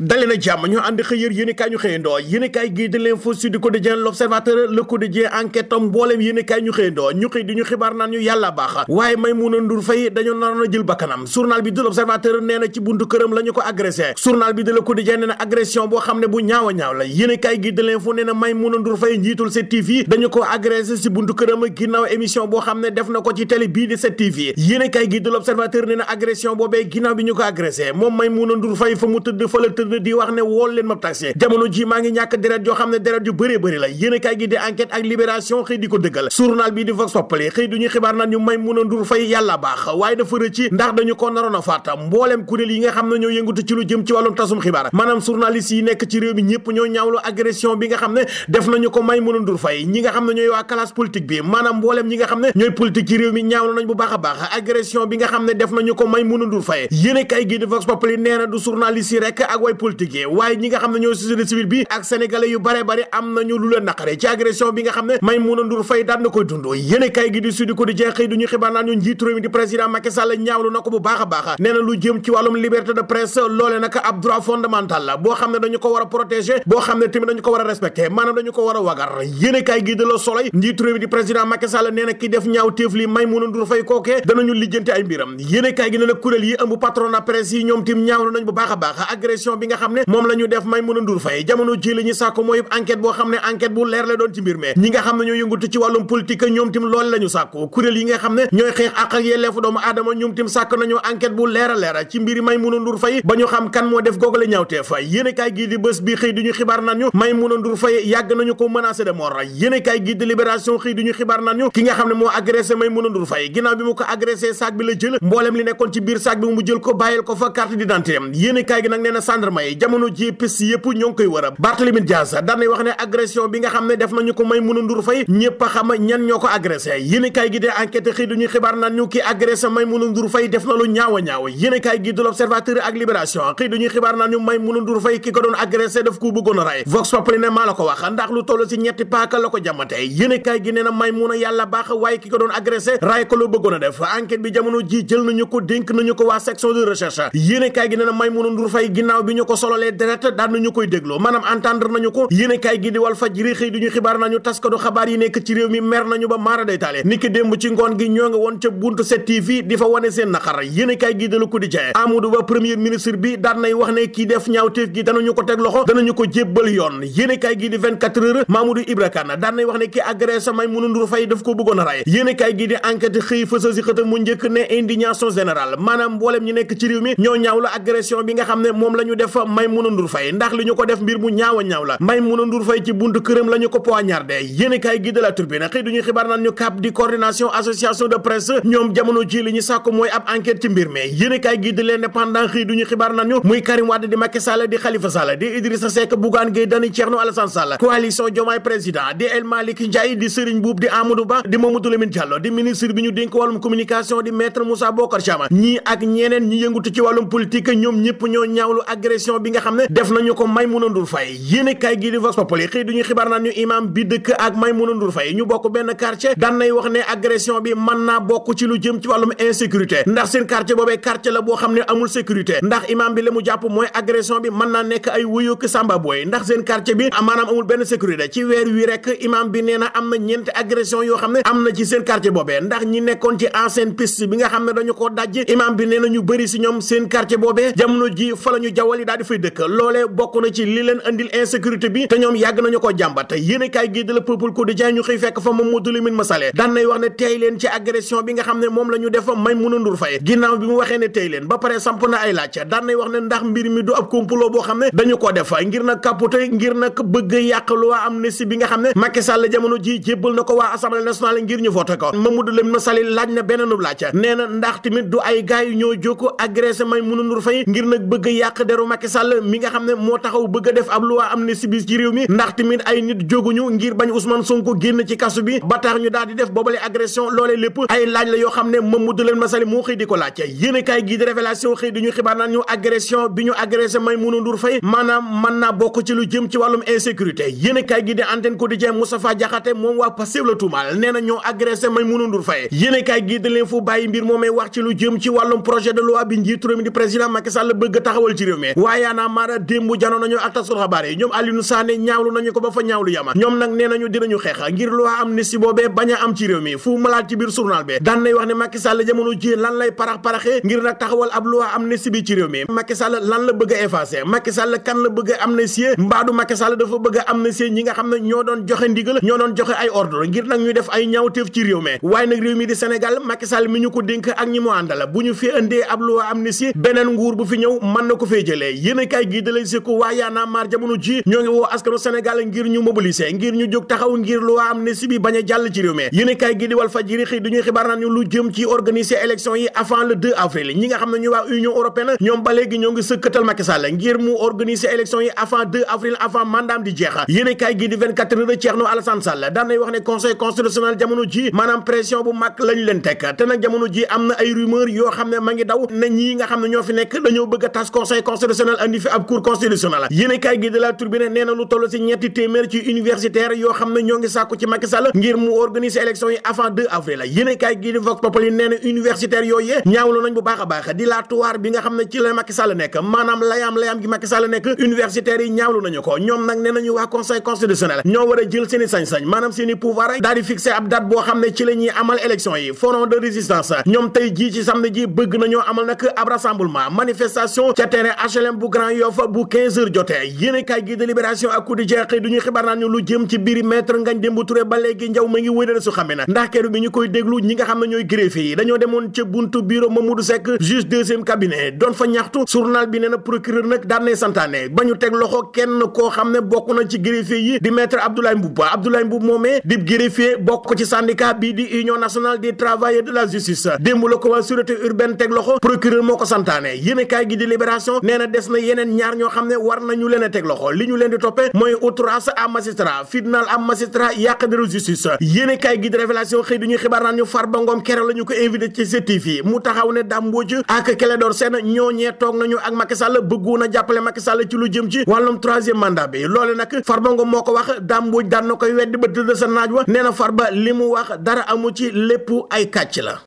dale na jàmm ñoo ànd xëyër yéenekaay ñu di l'info sud quotidien l'observateur le quotidien l'observateur la ko agressé journal bi di le di l'info nee na Maimouna Ndour Faye njiitul 7TV dañu ko agressé si buntu këram ginnaaw émission boo xam ne def na ko ci télé bii di 7TV yéenekaay gii di l'observateur nee agression boobee ginnaaw bi ñu ko agressé moom Maimouna Ndour Faye fa mu tëdd fa la procureur di wax ne wool leen ma taxi jamono ji maa ngi ñàkk deret yoo xam ne deret yu bëree bëri la yéen a di enquête ak libération xëy di ko dëggal journal bi di vox populi yi nga xam ne ñooy waa classe politique bi maanaam mbooleem ñi nga xam ne ñooy politique ci réew mi ñaawlu nañ bu baax baax agression bi nga xam ne def nañu ko may mun a ndur fay di vox populi nee na du journaliste yi rek ak mooy politique waaye ñi nga xam ne ñoo société civile bi ak sénégalais yu bare bare am nañu lu leen naqare ci agression bi nga xam ne Maïmouna Ndour na koy dund yéen kay ñu ko war a wagar yéen gi de Le Soleil njiitu mi di président Macky Sall nee ki def ñaaw téef li Maïmouna Ndour Faye kookee danañu lijjanti ay mbiram yéen gi ne nag kuréel yi ëmb patronat presse yi ñoom tim ñaawlu nañ bu baax a bi nga xam ne moom la ñu def Maimouna Ndour Faye jamono ji li ne enquête bu leer la doon ci yi a leer ci mbir Maimouna Ndour Faye ba ñu moo def googale ñaawtee fa yéenekaay gii di bés bi xëy di ñu ko menacé de mort yéenekaay gii di libération xëy di ñu xibaar naan ñu ki nga xam ne moo agressé Maimouna Ndour Faye ginnaaw bi mu ko agressé sac bi la jël mbooleem li nekkoon ci biir sac bi mu jël ko bàyyil ko fa carte d'identité yéenekaay gi nag nee na gendarme yi jamono ji piste yëpp ñoo ngi koy wër a Barthélémy Dias daanay wax ne agression bi nga xam ne def nañu ko may Maimouna a xam ñan ki agressé Maimouna Ndour def na lu ñaaw a a Vox Populi ne maa la ko wax ndax lu toll ci ñetti paaka la ko jamate yéen kaay gi nee na Maimouna a def enquête ginnaaw bi ñu ñu ko sololee deret daan nañu koy dégloo maanaam entendre nañu ko yéen gi di wal fajri xëy duñu xibaar nañu taskatu xabaar yi nekk ci réew mi mer nañu ba maara day wax ne kii def ñaawteef gi danañu ko teg loxo ko bëggoon a ray yéen gi di enquête xëy fësal si mu njëkk ne indignation générale maanaam mboolem ñi nekk ci réew mi ñoo ñaaw la bi nga xam ne moom la def fa Maimouna Ndour Faye ndax li ñu ko def mbir mu ñaaw a ñaaw la Maimouna Ndour Faye ci buntu këram la ñu ko poignardé yéen kaay gi de la Tribune xëy duñu xibaar naan ñu cap di coordination association de presse ñoom jamono ji ñu xibaar naan muy Karim Wade di Macky Sall di Khalifa Sall di Idrissa Seck Bougane Gueye Dany Thierno Alassane Sall coalition Diomaye président di El Malick Ndiaye di Serigne Boub di Amadou Ba di Mamadou Lamine Diallo di ministre bi ñu dénk wàllum agression bi nga xam ne def nañu ko Maimouna Ndour Faye yéenekaay gi di Vox Populi xëy ñu xibaar naan ñu imam bi dëkk ak Maimouna Ndour Faye ñu bokk benn quartier daan nay wax ne agression bi mën naa bokk ci lu jëm ci wàllum insécurité ndax seen quartier boobee quartier la boo xam ne amul sécurité ndax imam bi li mu jàpp mooy agression bi mën naa nekk ay wuyuk samba booy ndax seen quartier bi maanaam amul benn sécurité ci weer wi rek imam bi nee na am na ñeenti agression yoo xam ne am na ci seen quartier boobee ndax ñi nekkoon ci ancienne piste bi nga xam ne dañu ko dajj imam bi nee na ñu bëri si ñoom seen quartier boobee jamono ji fa la ñu jawali daal di fay dëkk loolee bokk na ci li leen andil bi a wax ne xam ne moom la ñu def Maimouna Ndour Faye ginnaaw bi mu waxee ne ndax mbir mi du ab complot boo xam ne dañu ko def ngir nag capote ngir nag bëgg yàq loi amnistie bi nga xam ne Macky Sall jamono ji jébbal na ko waa assemblée nationale ngir ñu voté ko Mamadou Lamine Massaly laaj na benn laaj nee na ndax tamit du ay gaay yu ñoo jóg agressé Maimouna Ndour Faye ngir nag bëgg yàq deru Macky Sall mi nga xam ne moo taxaw bëgg def ab loi amnistie bi ci réew mi ndax tamit ay nit jóguñu ngir bañ Ousmane Sonko génn ci kasu bi ba tax ñu daal di def boobale agression loolee lépp ay laaj la yoo xam ne Mamadou Leen Masali moo xëy di ko laaj yéen kaay gii di révélation xëy di ñu xibaar naan ñu agression bi ñu agressé Maïmouna Ndour maanaam mën naa bokk ci lu jëm ci wàllum insécurité yéen kaay gii di antenne quotidien Moustapha Diakhaté moom waa Pastef tuumaal nee na ñoo agressé Maïmouna Ndour Faye yéen kaay gii di leen fu bàyyi mbir moomee wax ci lu jëm ci wàllum projet de loi bi njiitu réew di président Macky Sall bëgg taxawal ci réew mi waaye yaanaa maara démbu janoo nañu ak tasul xabaar yi ñoom Aliou Sané ñaawlu nañu ko ba fa ñaawlu yama ñoom nag nee nañu dinañu xeex ngir loi amnistie boobee bañ a am ci réew mi fu malaat ci biir journal bi daan nay wax ji lan lay parax-paraxee ngir nag taxawal ab loi amnistie bi ci réew mi Macky Sall lan la bëgg a effacer Macky Sall kan la bëgg a amnistier mbaadu Macky Sall dafa bëgg a amnistier ñi nga xam ne ñoo doon joxe ndigal ñoo doon joxe ay ordre ngir nag ñu def ay ñaawteef ci réew mi waaye nag réew mi di Sénégal Macky Sall mi ñu ko dénk ak ñi mu àndala bu ñu fi indee ab loi amnistie beneen nguur bu fi ñëw mën na ko fee jëlee yéen a gii da lay siko waa yaanaa maar jamono ji ñoo ngi woo askanu Sénégal ngir ñu mobiliser ngir ñu jóg taxaw ngir loi amnistie bi bañ a jàll ci réew mi yéen a gii di wal fajiri xëy duñuy xibaar naan ñu lu jëm ci organiser élection yi avant le 2 avril ñi nga xam ne ñuy waa Union européenne ñoom ba léegi ñoo ngi sëkkatal Macky Sall ngir mu organiser élection yi avant 2 avril avant mandaam di jeex yéen a gii di 24 heures Thierno Alassane Sall constitutionnel andi fi ab gi de la Tribune nee na lu toll ci ñetti téeméer ci universitaire yoo xam ne ñoo ngi sàkku ci Macky Sall ngir mu organiser élection yi avant 2 avril la yéenekaay gi di Vox Populi nee na universitaire yooyee ñaawlu nañ bu baax baax di la tuwaar bi nga xam ne ci la Macky Sall nekk maanaam layaam layaam gi Macky Sall nekk universitaires yi ñaawlu nañu ko ñoom nag nee nañu waa conseil constitutionnel ñoo i HLM bu Grand Yoff bu 15 heures jotee yéenekaay gi de Libération ak Quotidien xëy duñu xibaar naan ñu lu jëm ci biir maître Ngagne Demba Touré ba léegi njaw ma ngi wéyale su xame na ndax keroog bi ñu koy déglu ñi nga xam ne ñooy greffier yi dañoo demoon ca buntu bureau Mamadou Seck juge deuxième cabinet doon fa ñaxtu journal bi nee procureur nag daan nay santaane ba teg loxo kenn koo xam ne bokk na ci greffier yi di maître Abdoulaye Mboup Abdoulaye Mboup des na yeneen ñaar ñoo xam ne war nañu leen a teg loxo li ñu leen di toppee mooy outrage à magistrat fitnaal am magistrat yàq deru justice yéene kaay gi di révélation xëy di ñuy xibaar naan ñu Farba Ngom keroog la ñu ko invité ci sa TV mu taxaw ne Dame Mbodj ak Clédor Sène ñooñee toog nañu ak Macky Sall bëggoon a jàppale Macky Sall ci lu jëm ci wàllum troisième mandat bi loole nag Farba Ngom moo ko wax Dame Mbodj daan na koy weddi ba tëdd sa naaj wa nee na ba li mu wax dara amu ci lépp ay kàcc la